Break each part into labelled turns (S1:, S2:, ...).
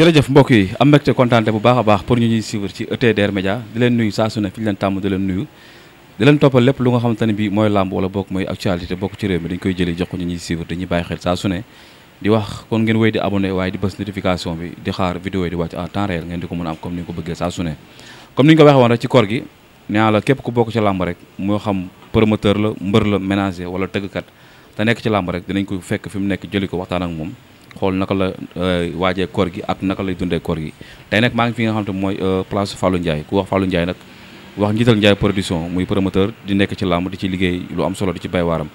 S1: jërëjëf mbokk yi am mbégte kontaante bu baax a baax pour ñu ñuy suivre ci ETDR Média di leen nuyu saa su fi leen tàmm di nuyu di toppal lépp lu nga xamante ne bii mooy làmb wala bokk mooy actualité bokk ci réew mi dañ koy jëlee jox ko ñu ñuy suivre dañuy bàyyi xel saa su ne di wax kon ngeen wéy di abonné waaye di bës notification bi di xaar vidéo yi di wàcc en temps réel ngeen di ko mën a am comme ni ñu ko bëggee saa su ne comme ni ñu ko waxee woon rek ci koor gi nee la képp ku bokk ci làmb rek moo xam ci làmb rek dinañ ko fekk fi mu nekk jëli ko waxtaan ak moom xol naka la eh, waajee koor gi ak naka lay dundee koor gi tay nak ma ngi fi nga xamanté moy eh, place Fallou Ndiaye ku wax Fallou Ndiaye nak wax njital Ndiaye production muy promoteur di nek ci lamb di ci liggéey lu am solo di ci bay waram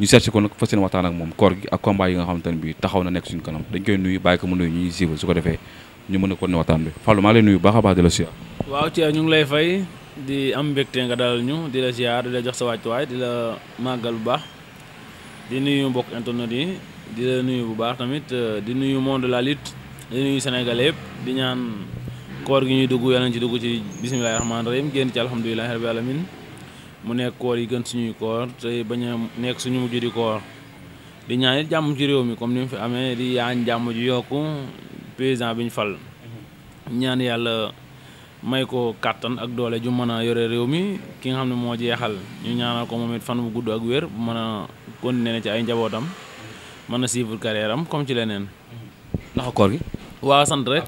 S1: ñu seet ko nak fas waxtaan ak mom koor gi ak combat yi nga xamanté bi taxaw na nek suñu kanam dañ koy nuyu bay ko mu nuyu ñuy sibu su ko ñu mëna ko ne waxtaan bi Fallou ma lay nuyu baax a baax di la siyaar
S2: waaw ci ñu ngi lay fay di am bekté nga dal ñu di la ziar di la jox sa way di la magal bu baax di nuyu mbokk internet yi di la nuyu bu baax tamit euh, di nuyu monde de la lutte di nuyu Sénégalais yëpp di ñaan koor gi ñuy dugg yàlla ci dugg ci bisimilahi rahmaani rahim génn ci alhamdulilahi rabbi alamin mu nekk koor yi gën suñuy koor te bañ a nekk suñu mujj di koor di ñaan it jàmm ci réew mi comme ni mu fi amee di yaañ jàmm ji yokku président bi ñu fal mhm. ñaan yàlla may ko kàttan ak doole ju mën a yore réew mi ki nga xam ne moo jeexal ñu ñaanal ko moom it fan bu gudd ak wér bu mën a continuer ci ay njabootam mana a suivre carrière am comme ci leneen. Mm-hmm. ndax koor gi. waaw sant rek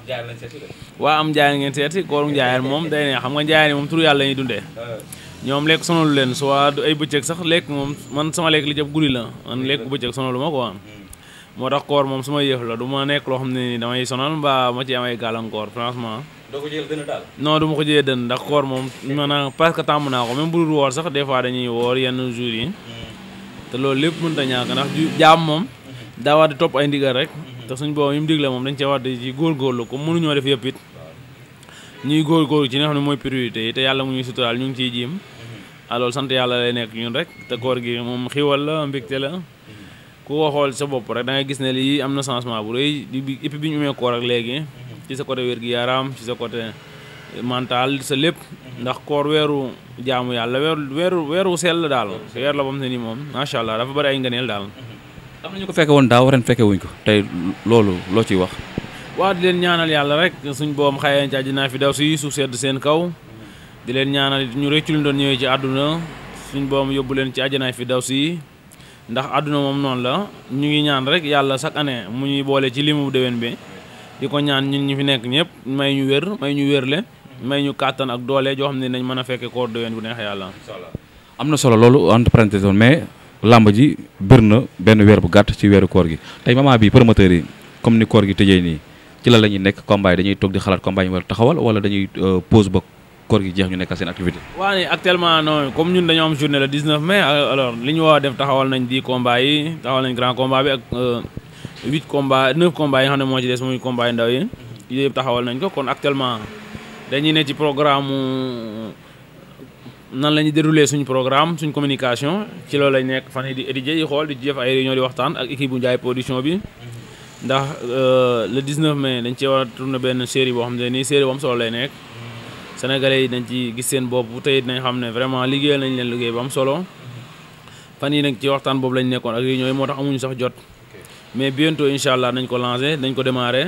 S2: waaw am njaay ngeen seeti ngi njaayeen mom day ne xam nga njaayeen mom turu ni dundé eh. ñom lek sonol len so wa du ay beccëk sax lek mom man sama lek li jëpp guri la man lek beccëk sonol mako quoi mm-hmm. moo tax koor mom sama yeuf la du ma nek lo xam ni damay sonal ba ma ci am ay gàllankoor franchement
S1: doo ko jël dëna dal
S2: non du ma ko jëlee dënn ndax koor mom man parce que tàmm ko même bu dul sax des fois dañuy wor yenn jour yi mm-hmm. te lepp mën ta ndax jaam daa war di topp ay ndigal rek te moom dañ cee war di ci góorgóorlu comme mënuñoo def yëpp it ñuy góorgóorlu ci li ne mooy priorité yi te yàlla mu ñuy suturaal ñu ngi ciy jiim alors ah sant yàlla lay nekk ñun rek te koor gi moom xiwal la mbégte la ko xool sa bopp rek da gis ne lii am na changement bu rëy et bi ñu umee koor ak léegi ci sa côté wér-gi-yaram ci sa côté mental sa lépp ndax koor weeru jaamu yàlla weeru weeru weeru seel la daal weer la bam ne nii moom macha allah dafa bari ay ngëneel daal am na ñu ko fekke
S1: woon daaw ren fekke wuñ ko tey loolu loo ciy wax.
S2: waaw di leen ñaanal yàlla rek suñ boom xayee ci àjjana fi daw si suuf sedd seen kaw di leen ñaanal ñu rëccu lu doon ñëwee ci àdduna suñ boom yóbbu leen ci àjjana fi daw si ndax àdduna moom noonu la ñu ngi ñaan rek yàlla chaque année mu ñuy boole ci limu déwén bi di ko ñaan ñun ñi fi nekk ñëpp may ñu wér may ñu wérle may ñu kàttan ak doole joo xam ne nañ mën a fekke koor déwén bu neex yàlla.
S1: am na solo loolu entre parenthèses mais. làmb ji bir ben wer bu gatt ci wer koor gi tay mama bi promoteur yi comme ni koor gi tejey ni ci la lañuy nek combat dañuy tok di xalat combat wala taxawal wala dañuy euh, pause ba koor gi jeex ñu nek seen activité
S2: waa ni actuellement non comme ñun dañu am journée le 19 mai euh, alors li wa def taxawal nañ di combat yi taxawal nañ grand combat bi ak 8 euh, combat 9 combat yi xamne mo ci dess muy combat yi ndaw yi yeb taxawal nañ ko kon actuellement dañuy ne ci programme nan la ñuy déroulé suñu programme suñ communication ci lool lañ nekk fan yii di étudier yi xool di def ay di waxtaan ak équipe bu Ndiaye production bi ndax euh, le 19 mai dañ cee war a benn série boo xam ne nii série bu am solo lay nekk sénégalais yi dañ ci gis seen bopp tey dinañ xam ne vraiment liggéeyal nañ leen liggéey bu mu solo fan yi nag ci waxtaan boobu lañ nekkoon ak réunion yi moo tax amuñu sax jot mais bientôt incha allah nañ ko lancé nañ ko démarré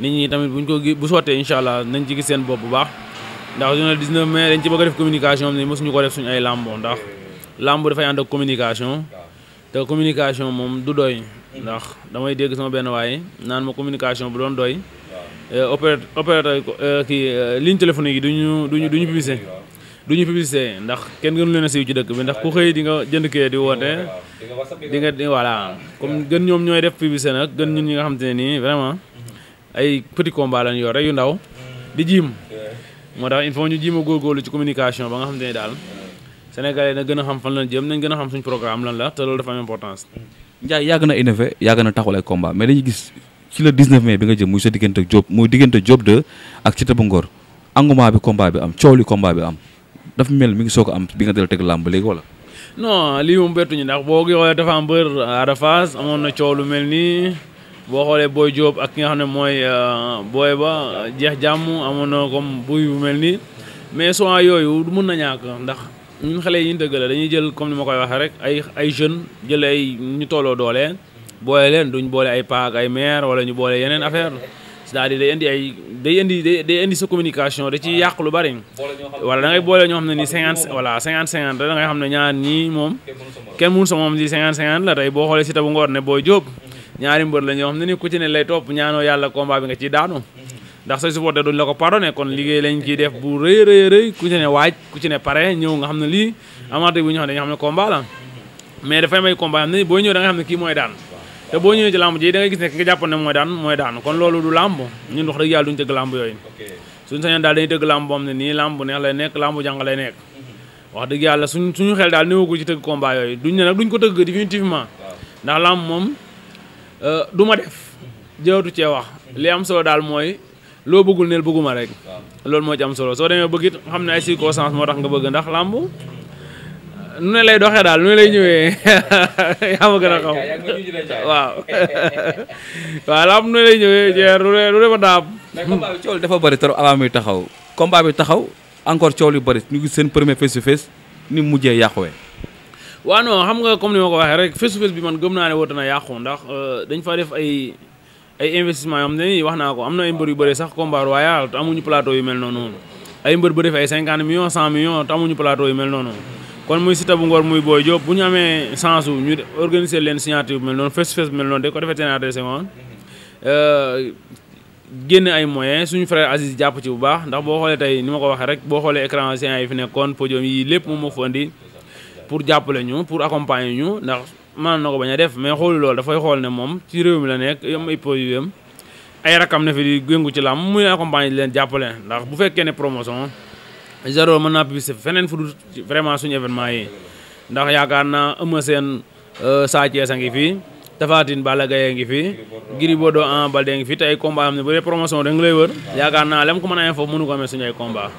S2: nit ñi tamit buñ ko bu sottee incha allah nañ ci gis seen bopp bu baax. ndax journal 19 mai dañ ci bëgg a def communication am ne ko def suñu ay lambo ndax lambo dafay ànd ak communication moom du doy ndax damay dégg sama benn waaye naan ma communication bu doon doy euh, opéré opérateur euh, kii euh, ligne téléphonique yi duñu duñu duñu publicité du ñu publicité ndax kenn gënu leen a siiw ci dëkk bi ndax ku xëy di nga jënd kee di woote di nga voilà comme gën ñoom ñooy def publicité nag gën ñun ñi nga xam ne nii vraiment ay petit combat lañu yor rek yu ndaw di jiim moo tax il faut ñu jiima góorgóorlu ci communication ba nga xam ne daal sénégalais na gën a xam fan lan jëm nañ gën a xam suñ programme la te loolu dafa am importance
S1: Ndiaye yàgg na innové yàgg na taxawal ay combat mais dañuy gis ci le 19 bi nga jëm muy diggante Diop muy ak Siteu bu Ngor engouement bi combat bi am coow combat bi am dafa mel mi ngi soog am bi nga dal teg làmb léegi wala
S2: non lii moom bettuñu ndax boo xoolee dafa am bër Ada Fass boo xoolee Boy Diop ak ki nga xam ne mooy euh, booy ba jeex jàmm amoon na comme buy bu mel nii mais souvent yooyu mun na ñàkk ndax ñun xale yi ñu dëgg la dañuy jël comme ni ma koy waxee rek ay ay jeunes jël ñu tolloo doole boole leen duñ boole ay paak ay wala ñu boole yeneen affaire c'est-à-dire day indi ay day indi day indi sa communication da ci yàq lu bari. wala da ngay boole ñoo xam ne nii cinquante cinquante cinquante da ngay xam ne ñaar ñii moom. kenn mënu sa moom di cinquante cinquante la tey boo xoolee si tabu ngoor ne Boy Diop. ñaari mbër la ñoo xam ne ni ku ci ne lay topp bi nga ciy daanu ndax say supporter duñ la ko pardonné kon liggéey lañ ciy def bu rëy rëy rëy waaj ku pare ñëw nga xam ne lii amateur bu ñu xam ne dañu xam ne combat la mais dafay may combat boo ñëw da nga xam kii mooy daan boo ñëwee ci làmb ji da nga gis ne ki kon loolu du làmb ñun wax dëgg yàlla duñ tëgg làmb yooyu suñ sañoon daal dañuy tëgg làmb boo xam ne nii làmb neex lay nekk làmb jàng lay nekk wax dëgg yàlla suñ suñu xel daal néew ko ci tëgg combat yooyu duñ ne nag ko tëgg définitivement ndax moom Euh, duma def jawatu ci wax li am solo dal moy lo bëggul neel bëgguma rek lool mo ci am solo so demé bëggit xam ne ay circonstance motax nga bëgg ndax lamb nu ne lay doxé dal nu lay ñëwé ya ma gëna a xam waaw wa làmb nu lay ñëwé
S1: jeer lu ne ma daab mais combat bi coow dafa bari trop avant muy taxaw combat bi taxaw encore coow li bari ñu gis seen premier face to face ni mujjé yaxwé
S2: waaw non xam nga comme ni ma ko waxee rek face to face bi man gëm naa ne woote na yàqu ndax euh, dañ fa def ay ay investissement am xam ne wax naa ko am na ay mbër yu bëri sax combat royal te amuñu plateau yu mel noonu ay mbër bëri fi ay cinquante millions cent million te amuñu plateau yu mel noonu kon muy Siteu bu Ngor muy Boy Diop bu ñu amee chance ñu organiser leen signature bu mel noonu face to face bu mel noonu dañ ko defee seen adressé génn ay moyens suñu frère jàpp ci bu baax ndax boo xoolee tey ni ma ko waxee rek boo xoolee écran géant yi fi nekkoon podium yi lépp moom moo fa andi pour jappelé ñu pour accompagner ñu ndax man na baña def mais lool da fay xol né mom ci réew mi la nek yam ay produit yam ay rakam ne fi di gëngu ci lam muy accompagner di leen jappelé ndax bu fekké né promotion zéro man na publicité fenen fu vraiment suñu événement yi ndax yaakaar seen euh, Sa a ngi fii Tapha Tine fi en balde ngi fi tay combat am ne bu promotion da lay wër yaakaar na lem ko mën info am mënu ko amé suñu ay combat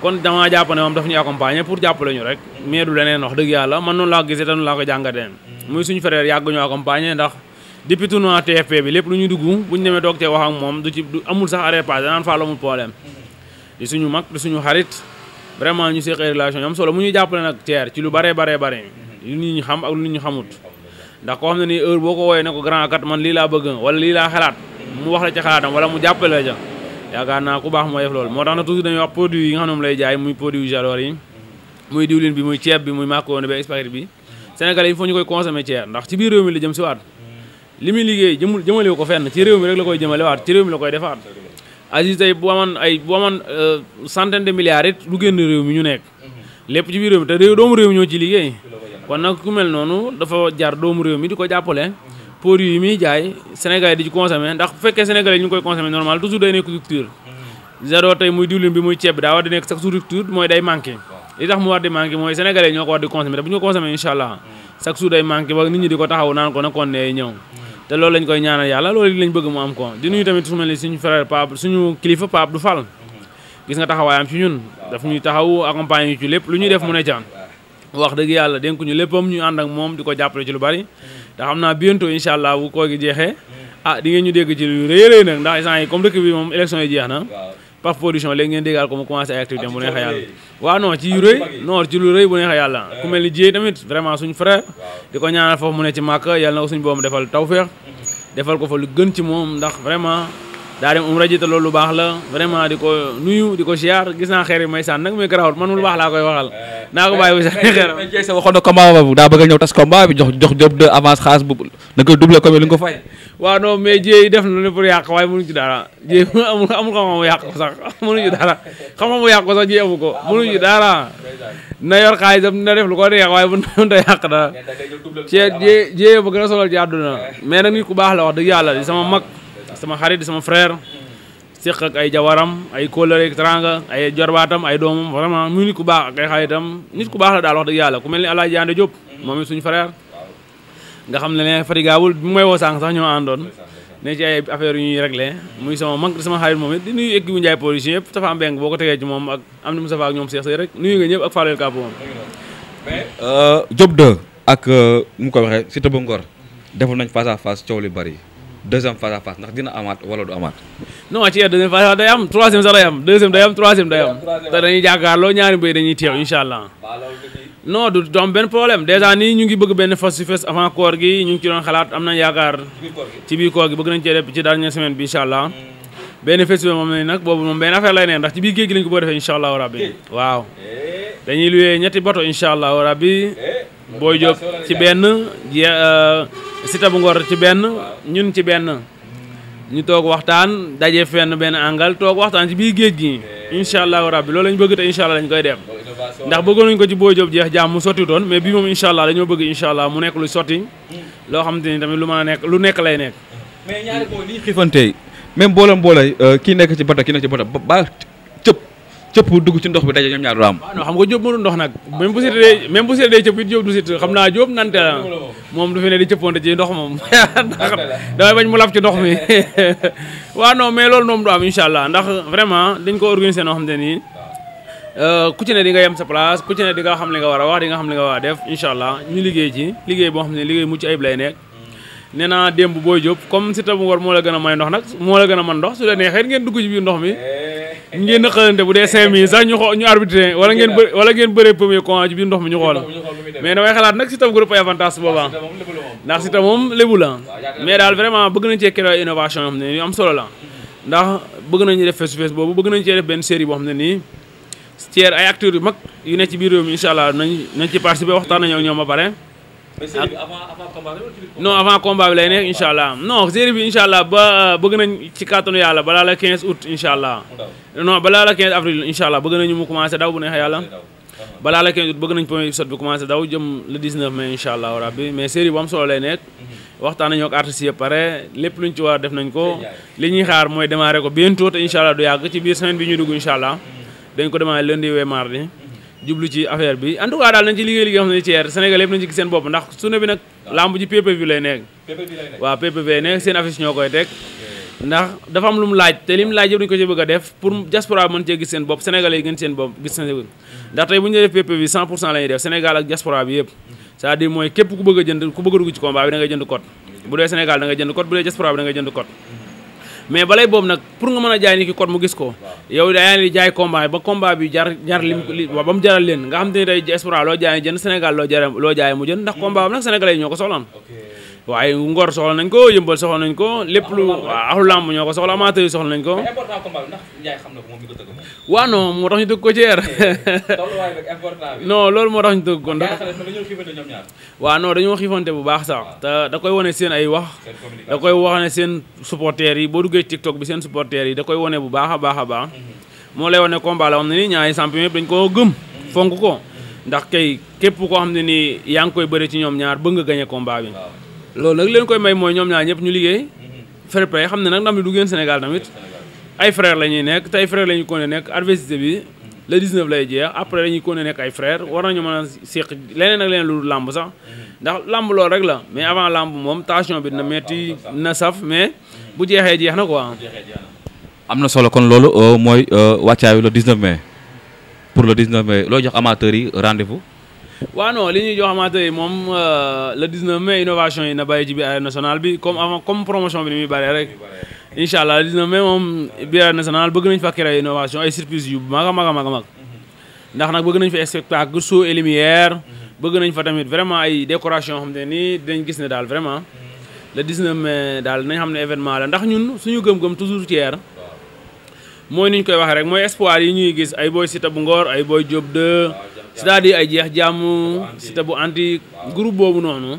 S2: kon dama jàpp ne moom daf ñu accompagner pour jàppale ñu rek mais du leneen wax dëgg yàlla man noonu laa ko gisee te noonu laa ko jàngatee mm. muy suñu frère yàgg ñu accompagner ndax depuis tournoi TFP bi lépp lu ñu dugg bu ñu demee toog cee wax ak moom du ci du amul sax arrêt passé danaan mag di xarit vraiment ñu seqee relation yi solo mu ñuy jàppale nag teer ci lu baree baree bare lu nit ñi xam ak lu nit ñi xamut ndax koo xam ne nii heure boo ko woowee ne ko grand kat man lii laa bëgg wala lii laa xalaat mu wax la ca xalaatam wala mu jàppale la ca yaakaar naa ku baax moo def loolu moo tax na toujours dañuy wax produit yi nga xam ne jaay muy produit jaloor muy diwlin bi muy ceeb bi muy macaroni bi spaghetti bi sénégalais il faut ñu koy ndax ci biir mi la jëm waat li muy liggéey jëmul jëmale ko fenn ci réew mi rek la waat ci réew mi la koy defaat Aziz ay bu amoon euh, centaine de milliards it lu génn réew mi ñu nekk lépp ci biir réew mi te réew doomu réew mi ñoo ci liggéey kon nag ku noonu dafa jar doomu réew mi di ko jàppale produit yi muy jaay sénégalais di ci consommer ndax bu fekkee Sénégal ñu koy consommer normal toujours day nek rupture mm-hmm. zéro tay muy diwlin bi muy ceeb da war di nek sax rupture moy day manqué li tax mu war di manqué moy sénégalais ñoko war di consommer te bu ñu consommer inshallah sax mm-hmm. chaque day manqué ba nit ñi diko taxaw naan ko nekkoon né ñew té loolu lañ koy ñaanal yalla loolu lañ bëgg mu am ko di nuyu tamit su mel suñu frère pap suñu kilifa pap du fal mm-hmm. gis nga taxaway am ci ñun daf ñuy taxaw accompagner ci lepp lu ñuy def mu ne ca wax deug yalla denku ñu leppam ñu and ak mom diko jappalé ci lu bari te xam naa bientôt incha allah bu koor gi jeexee ah di ngeen ñu dégg ci lu rëy rëy nag ndax instant yi comme dëkk bi moom élection yi jeex na par production léegi ngeen déggal ko mu commencé ay activité bu ah, neexee yàlla waaw non ci yu ah, rëy non ci lu rëy bu neexee yàlla ku mel ni jiyee tamit vraiment suñu frère di ko ñaanal foofu mu ne ci màkk yàlla na ko suñu boom defal tawféex mm-hmm. defal ko fa lu gën ci moom ndax vraiment daa dem umra loolu lu baax la vraiment di ko nuyu di ko siyaar gis naa xeer yi may sànn nag muy garaawul man lu baax laa koy waxal naa ko bàyyi bu sax sa
S1: na combat boobu daa a ñëw tas combat bi jox jox job de avance xaalis ko double comme li nga ko fay
S2: waaw non mais jiey def na ne pour yàq waaye mënu ci dara jiey amul amul xam-xamu yàq ko sax na yor xaalisam na def lu ko neex waaye mën ta yàq dara ci jiyee a solal ci àdduna mais nag nit ku baax la wax dëgg yàlla di sama mag sama xarit sama frère séq ak ay jawaram ay kóllëre teranga ay jorbaatam ay doomam vraiment muy nit ku baax ak ay xaritam nit ku baax la daal wax dëgg yàlla ku mel ni Alaaji Jaande Diop moom it suñu nga xam ne ne fatigabul bi sànq sax ñoo àndoon ne affaire yu ñuy réglé muy sama mag sama xarit moom it di yëpp Tafa Mbeng boo ko tegee ci moom ak am na rek nuyu nga ñëpp ak Fallou Kapo euh,
S1: euh, mu ko waxee Siteu bu Ngor defoon nañ face à coow li bari deuxième face à face ndax dina amaat wala du amaat.
S2: non ci deuxième face à face day am troisième sax day am deuxième ah. du am benn problème dèjà nii ñu ngi bëgg benn face to face avant koor gi ñu ngi ci doon xalaat am na yaakaar. ci biir koor gi bëgg nañ cee def ci semaine bi incha allah. Mm. benn face to face moom lañ nag boobu moom benn affaire lay neen ndax ci biir géej gi lañ ko bëgg a defee rabbi waaw eh. dañuy luwee ñetti bato incha allah rabbi eh. Boy Diop ci benn euh, Siteu bu Ngor ci benn ñun ci benn ñu toog waxtaan daje fenn benn angal toog waxtaan ci biir géej gi incha allahu rabbi loolu lañ bëgg te incha allah lañ koy dem ndax bëggoon nañ ko ci Boy Diop jeex jàmm mu sotti doon mais bii moom incha allah dañoo bëgg incha allah mu nekk lu sotti loo xam te ni tamit lu mën a nekk lu nekk lay nekk.
S1: mais même boolam boolay euh, kii nekk ci bata kii nekk ci bata ba cëpp dugg ci ndox bi daje ñoom ñaar du am.
S2: waaw non xam nga Diop ndox nag. même bu seetee même cëpp it Diop du sit xam naa Diop nante moom du fi ne di cëppoonte ci ndox moom ndax damay bañ mu lab ci ndox mi waa non mais lool moom du am incha ndax vraiment dañ ko organiser noo xam te nii euh, ku ci ne di nga yem sa place ku ci ne di nga xam li nga war wax di nga xam li nga war a def incha allah ñu liggéey ci liggéey boo xam ne liggéey mucc ayib lay nekk nee naa démb booy jóob comme si tam war moo la gën a may ndox nag moo la gën a man ndox su la neexee ngeen dugg ci biir ndox mi eh. ngeen xalante bu dee cinq minutes sax ñu xoo ñu arbitré wala ngeen bëri wala ngeen bëree premier combat ci biir ndox mi ñu xool mais damay xalaat nag si tam groupe avantage boobaa ndax si tam moom lébu la mais daal vraiment bëgg nañ cee créer innovation yoo xam ne yu am solo la ndax bëgg nañu def face to face boobu bëgg nañ cee def benn série boo xam ne nii Thier ay acteurs yu mag yu ci biir mi incha allah nañ nañ waxtaan nañu ak ñoom ba pare non avant combat bi lay nekk incha allah non série bi incha allah ba euh, bëgg nañ ci kàttanu yàlla balaa la 15 août incha allah non balaa la avril incha allah bëgg nañu mu commencé daw bu neexee yàlla balaa la 15 août bëgg nañ premier épisode bi commencé daw jëm le 19 mai incha allah rabbi mais série bu solo lay nekk mhm. waxtaan nañoo ak pare lépp luñ ci war def nañ ko li ñuy xaar mooy démarrer ko bientôt te incha allah du yàgg ci biir semaine bi ñu d incha allah jublu ci affaire bi en tout cas daal nañ ci liggéey liggéey xam ne ci yeer Sénégal yëpp nañ ci gis seen bopp ndax suuna bi nag ah. lamb ji PPV lay nekk waaw PPV lay nekk seen affiche ñoo koy teg ndax dafa am lu mu laaj te li mu laaj yëpp dañu ko ci bëgg a def pour diaspora bi mën cee gis seen bopp Sénégalais yi gën seen bopp gis seen ndax tey bu ñu def PPV 100 pour cent la def Sénégal ak diaspora bi yëpp cest à mooy képp ku bëgg a jënd ku bëgg a dugg bi da mais balay boobu nag pour nga mën a jaay ni ki code mu gis ko yow yaa jaay komba ba combat bi jar jar lim waaw ba mu jaral leen nga xam te ne tey Espoir loo jaay jënd Sénégal loo jar jaay mu jënd ndax hmm. combat am nag sénégalais yi ñoo ko soxlaan waaye Ngor soxla nañ ko yëmbal soxla nañ ko lépp lu waaw axlu lamb ko soxla amateur yi soxla nañ ko waaw non moo tax ñu dëgg ko ci eh, loolu moo tax ñu waaw non dañoo xiifante bu baax sax te da koy wane seen ay wax da koy wax ne seen supporters yi boo duggee TikTok bi seen supporters yi da koy wone bu baax a baax a baax moo lay wane combat la xam ne nii ñaari champion yëpp dañ koo gëm fonk ko ndax kay képp koo xam ne nii yaa ngi koy bëri ci ñoom ñaar bëgg nga gañe combat bi loolu nag leen koy may mooy ñoom ñaar ñëpp ñu liggéey fair play xam ne nag ndam li du génn Sénégal tamit ay frère la ñuy nekk te ay frère la ñuy ko nekk adversité bi le 19 lay jeex après dañuy ko ne nekk ay frère war nañu mën a séq leneen ak lu làmb sax ndax làmb loolu rek la mais avant làmb moom tension bi na metti na saf mais bu jeexee jeex na ko
S1: am na solo kon loolu euh, mooy euh, wàccaayu le 19 mai pour le 19 mai loo jox amateurs yi rendez-vous.
S2: waaw non li ñuy jox amateurs yi moom euh, le 19 mai innovation yi na bàyyi ji bi arène nationale bi comme promotion bi ni muy bëree rek. incha allah dina mais moom biir national bëgg nañ fa créer innovation ay surprise yu mag a mag a mag a mag ndax nag bëgg nañ fa spectacle sous et bëgg nañ fa tamit vraiment ay décoration yoo xam te ni dinañ gis ne daal vraiment le 19 mai daal nañu xam ne événement la ndax ñun suñu gëm-gëm toujours tier mooy ni koy waxee rek mooy espoir yi ñuy gis ay booy Siteu bu Ngor ay booy Diop 2 cest ay jeex jàmm Siteu bu anti groupe boobu noonu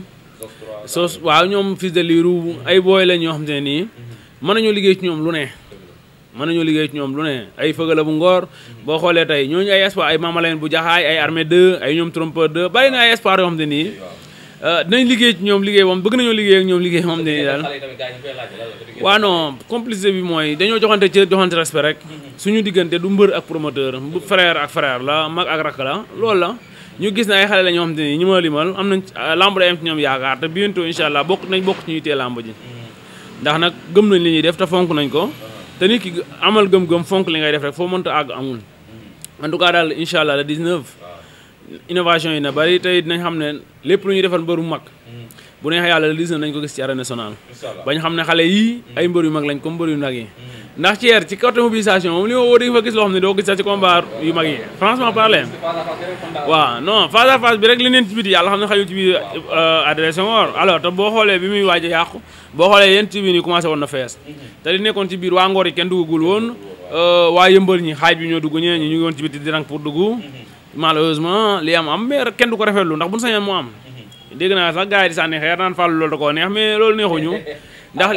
S2: sos waaw ñoom fils ay booy la ñoo xam te nii mën nañoo liggéey ci ñoom lu ne mën nañoo liggéey ci ñoom lu ne ay fëgala bu ngoor boo xoolee tey ñooñu ay espoir ay mamaleen bu jaxaay ay armée 2 ay ñoom trompeur 2 bàyyi na ay espoir yoo xam te nii euh, dinañ liggéey ci ñoom liggéey moom bëgg nañoo liggéey ak ñoom moom dañuy daal waaw non bi mooy dañoo joxante cër joxante respect rek suñu diggante du mbër ak promoteur bu frère ak frère la mag ak rakk la loolu la ñu gis ne ay xale la ñoo xam te ni ñu ma limal am nañ euh, lamb day am ci ñoom yaakaar te bientôt incha allah bokk nañ bokk ci ñuy tee lamb ndax nag gëm nañ li ñuy def te fonk nañ ko te nit ki amal gëm-gëm fonk li ngay def rek foo mënta àgg amul en tout cas daal incha allah le 19 innovation yi na bari tey dinañ xam ne lépp lu ñuy defal mbëru mag bu ne yàlla le 19 nañ ko gis ci arène nationale bañ xam ne xale yii ay mbër yu mag lañ comme mbër yu nag yi mm. ndax Thier ci côté mobilisation moom li ma woo dañu fa gis loo xam ne doo gis ci combat yu mag yi franchement parler waaw non face à face bi rek li neen ci biti yàlla xam ne xajul ci biir euh, boo xoolee bi muy waaj a boo xoolee yéen ci biir woon na fees te li nekkoon ci biir waa Ngor yi kenn duggagul woon euh, waa yëmbal ñi xaaj bi ñoo dugg ñeneen ñi ñu ngi woon ci biti di rank pour dugg malheureusement li am am mais kenn du ko rafetlu ndax buñu sañoon mu am mhm. dégg naa sax gars yi di sànni xeer naan fàllu loolu da koo neex mais loolu ndax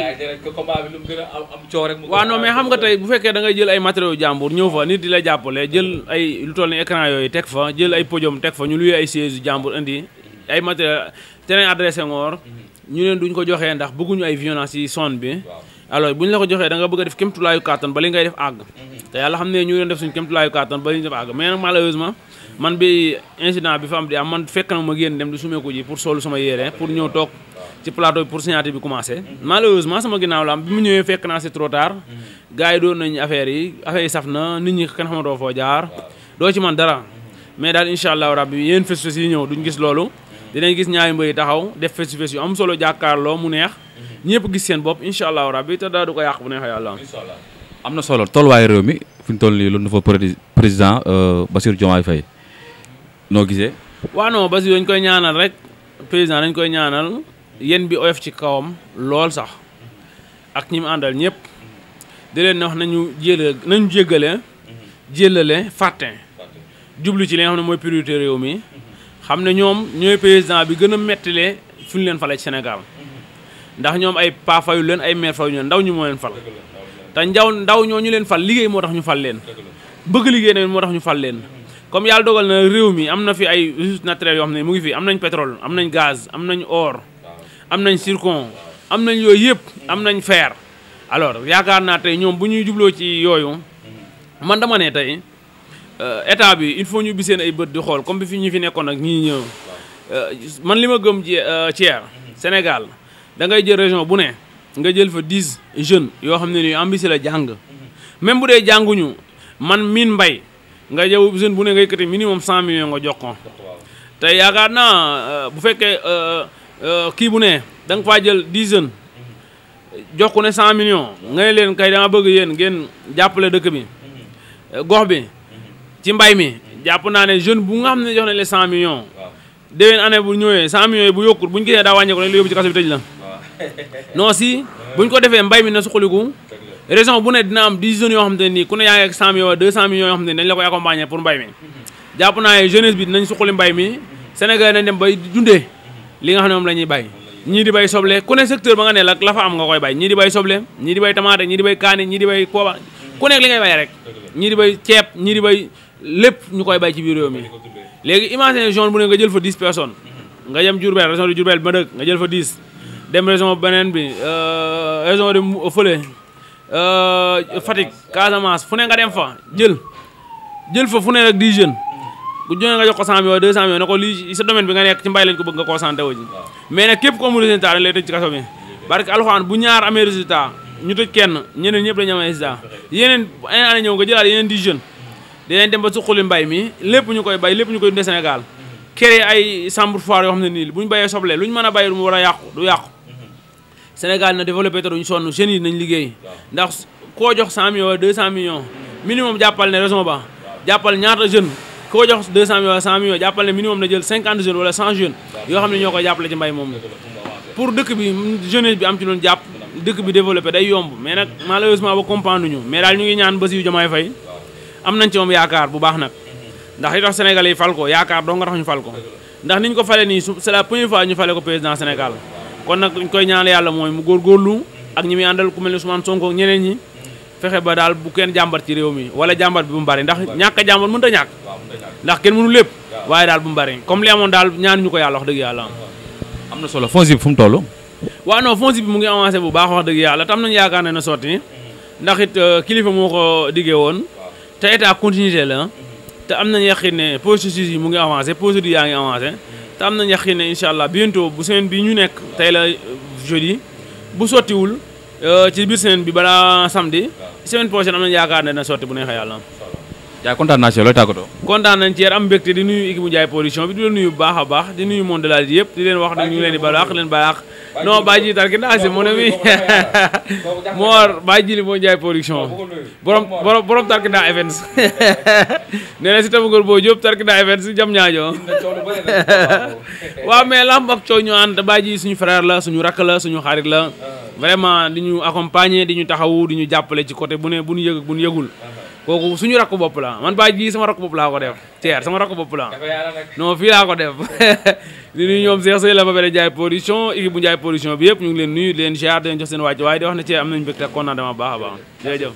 S2: waaw non mais xam nga tey bu fekkee da ngay jël ay matériaux jàmbur ñëw fa nit di la jàppale jël ay lu toll ni écran yooyu teg fa jël ay podium teg fa ñu luyee ay siège jàmbur indi ay te terrain adressé ngoor mhm. ñu leen duñ ko joxee ndax bëgguñu ay violence yi sonn bi alors bu ñu la ko joxee da nga bëgg a def kémtulaayu kàttan ba li ngay def àgg mhm. te yàlla xam ne ñu leen def suñ kémtulaayu kàttan ba li ñu def àgg mais nag malheureusement bi man fekk na ma génn dem di sumeeku ji pour solu sama yére pour ñëw toog ci plateau bi pour signature bi commencé. malheureusement sama ginnaaw la am bi mu ñëwee fekk naa si trop tard. Mhm. gars yi doon nañu affaire yi affaire yi saf na nit ñi kan xamatoo foo jaar. doo ci man dara. mais daal incha allah rabbi yéen festifes yi ñëw duñ gis loolu. Mhm. dinañ gis ñaari mbëri taxaw def festifes yu am solo jàkkaarloo mu neex. Mhm. ñëpp gis seen bopp incha allah rabbi te daal du ko yàq bu neexee yàlla.
S1: am na solo tolluwaayu réew mi fi mu toll nii le nouveau président euh, Bassirou Diomaye Faye noo gisee.
S2: waaw non Bassirou dañ koy ñaanal rek président yéen bi oyof ci kawam lool sax ak ñi mu àndal ñëpp di leen wax nañu jéel nañu jéggale jélale fàtte jublu ci li nga xam ne mooy priorité réew mi xam ne ñoom ñooy président bi gën a mettile fu leen fale ci Sénégal ndax ñoom ay paa fayu leen ay maire fayu leen ndaw ñu moo leen fal te ndaw ndaw ñoo ñu leen fal liggéey moo tax ñu fal leen bëgg liggéey na moo tax ñu fal leen comme yàlla dogal na réew mi am na fi ay ressources naturelles yoo ne mu ngi fi am nañ pétrole am nañ gaz am nañ or am nañ zircon am nañ yooyu yëpp am nañ fer alors yaakaar naa tey ñoom bu ñuy jubloo ci yooyu man dama ne tey euh, état bi il faut ñu biseen ay bët di xool comme bi fi ñu fi nekkoon ak ñii ñëw euh, man li ma gëm ci euh, Thier Sénégal dangay jël région bu ne nga jël fa dix jeunes yoo xam ne nii ambitieux la jàng même bu dee jànguñu man miin mbay nga yow jeune bu ne nga yëkkati minimum cent millions nga jox ko te yaakaar naa bu fekkee. Euh, kii bu ne da nga faa jël dix jeunes jox ko ne million nga ngay leen kay dama bëgg yéen ngeen jàppale dëkk bi gox bi ci mbay mi jàpp naa ne jeune bu nga ne jox nañ la cent millions déwén bu ñëwee cent millions yi bu yokkut bu ñu gisee daa wàññeeku ne lu la si buñ ko defee mbay mi na suqaliku région bu ne dina am dix jeunes yoo xam te ne ku ne yaa ngi ak cent millions deux cent millions yoo xam te ne dañ la koy accompagner pour mhm. mhm. nañ dem bay dundee li nga xam ne moom la ñuy bay ñii di bay soble ku ne secteur ba nga ne la la fa am nga koy bay ñii di bay soble ñii di bay tamaate ñii di bay kaani ñii di bay pooba ku nekk li ngay bay rek bay ceeb ñii di bay lépp ñu koy bay ci biir réew mi léegi imagine zone bu ne nga jël fa 10 personnes nga jëm Diourbel région de Diourbel bi nga jël fa 10 dem région beneen bi euh, région de fële euh, Fatick Casamance fu ne nga dem fa jël jël fa fu ne rek 10 jeunes bu joxee nga jox ko 100 millions 200 millions ne ko lii sa domaine bi nga nekk ci mbay lañ kenn ñeneen ñëpp dañu am résultat yeneen ay année ñëw nga jëlaat di jeune dinañ dem ba suqali mbay mi lépp ñu koy bay lépp ñu koy dundee Sénégal créé ay chambre foire yoo xam nii bu ñu bayee soble lu ñu mën bay mu war a yàqu du yàqu Sénégal na développé te duñ sonn jeunes yi nañ liggéey ndax koo jox 100 millions 200 millions minimum jàppal ne raison ba jàppal ñaata jeune koo jox 200 millions 100 millions jàppale ne minimum na jël 50 jeunes wala 100 jeunes yoo xam ne ñoo koy jàppale ci mbay moom pour dëkk bi jeunesse bi am ci loolu jàpp dëkk bi développé day yomb mais nag malheureusement ba comprendre ñu mais daal ñu ngi ñaan Bassirou Diomaye Faye am nañ ci moom yaakaar bu baax nag ndax li tax Sénégalais yi fal ko yaakaar doo nga tax ñu fal ko ndax niñ ko fale nii c'est la première fois ñu fale ko président Sénégal kon fexé ba dal bu kenn jambar ci wala jambar bi bu mu bari ndax ñaka jambar jàmbat mënut ñak ndax kenn mënu lepp waye dal bu mu bari comme li amone dal ñaan ñuko yalla wax deug yalla amna na solo fonds bi fu mu tollu wa non fonds bi mu ngi avancer bu baax wax deug yalla tam nañ yaakaane na soti mhm. ndax it euh, kilifa moko digé won te état continuité la te amna ñi xine processus yi mu ngi avancer procédure yaangi ngi mhm. te am nañu yaqin allah bientôt bu seen bi ñu nekk tay la euh, jeudi bu euh, ci bir semaine bi bala samedi semaine prochaine am nañu yaakaar ne dina sotti bu neexee yàlla. jaay
S1: kontaan naa si looy tàggatoo.
S2: kontaan nañ ci yéen am mbégte di nuyu équipe bu Ndiaye production bi di leen nuyu bu baax a baax di nuyu monde la yëpp di leen wax nag ñu leen di balaax leen balaax non bàyyi ji tar ki naa si mon ami Mor bàyyi ji li moo Ndiaye production borom borom borom events nee na si tamagor boo jóob tar ki naa events jam ñaajo waaw mais lamb ak coow ñu ànd bàyyi ji suñu frère la suñu rakk la suñu xarit la vraiment di ñu accompagner di ñu taxawu di ñu jàppale ci côté bu ne bu ñu yëg bu ñu yëgul kooku suñu rakk bopp la man baaj gi sama rakk bopp laa ko def Thier sama rakk bopp la non fii laa ko def di nuyu ñoom Cheikh Seye la ba bere Ndiaye bu Ndiaye production bi yëpp ñu ngi leen nuyu leen ziar di leen jox seen wàcc wax ne Thier am nañu mbégte ak kontaan dama baax a baax jërëjëf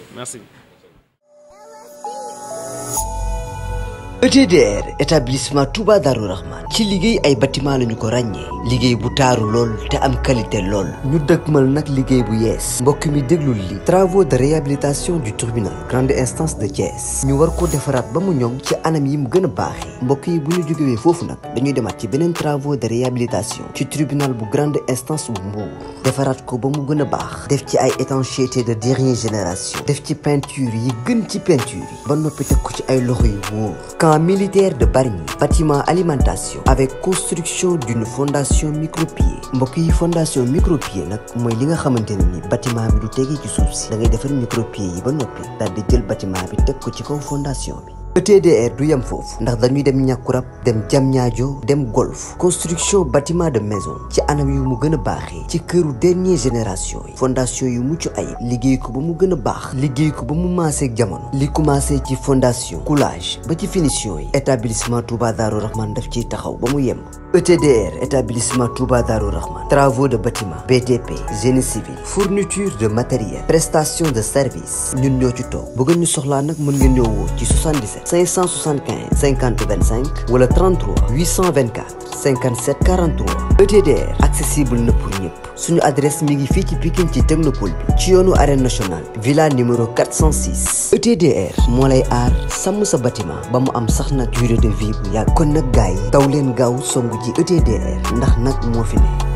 S3: ETDR établissement Touba Darou Rahman ci liggéey ay bâtiment lañu ko ragné liggéey bu taru lol té am qualité lol ñu dëgmal nak liggéey bu yees mbokk mi déglul li travaux de réhabilitation du tribunal grande instance de Thiès ñu war ko defaraat ba mu ñom ci anam yi mu gën a mbokk yi bu ñu jógewee fofu nak dañuy demat ci benen travaux de réhabilitation ci tribunal bu grande instance bu Mbour defaraat ko ba mu gëna a baax def ci ay étanchéité de dernière génération def ci peinture yi gën ci peinture yi ba noppi teg ko ci ay loxo yu wóor militaire de Barigny, bâtiment alimentation avec construction d'une fondation micropieux mbokk fondation micropieux nak moy li nga xamante ni bâtiment bi du tegee ci suuf si da ngay defar micropieux yi ba noppi daal di jël bâtiment bi teg ko ci kaw fondation bi ETDR du yam fofu ndax dañuy dem ñakurap dem jamñaajo dem golf construction bâtiment de maison ci anam yu mu gëna a ci këru dernier génération yi fondation yu muccu ay liggéey ko ba mu gën a liggéey ko ba mu maasee jamono li commencé ci fondation coulage ba ci finition yi établissement Touba Darou Rahman daf ci taxaw ba mu yem ETDR établissement Touba Darou Rahman travaux de bâtiment BTP génie civil fourniture de matériel prestation de service ñun ñoo ci toog bëgg ñu soxla nak mën ngeen ñoo woo ci 77 575 50 25 wala 33 824 57 43 ETDR accessible ne pour ñëpp suñu adresse mi ngi fii ci Pikine ci technopole bi arène nationale villa numéro 406 ETDR moo lay Samusa sàmm bâtiment ba am durée de vie bu yàgg kon nag gars ETDR e ndax nag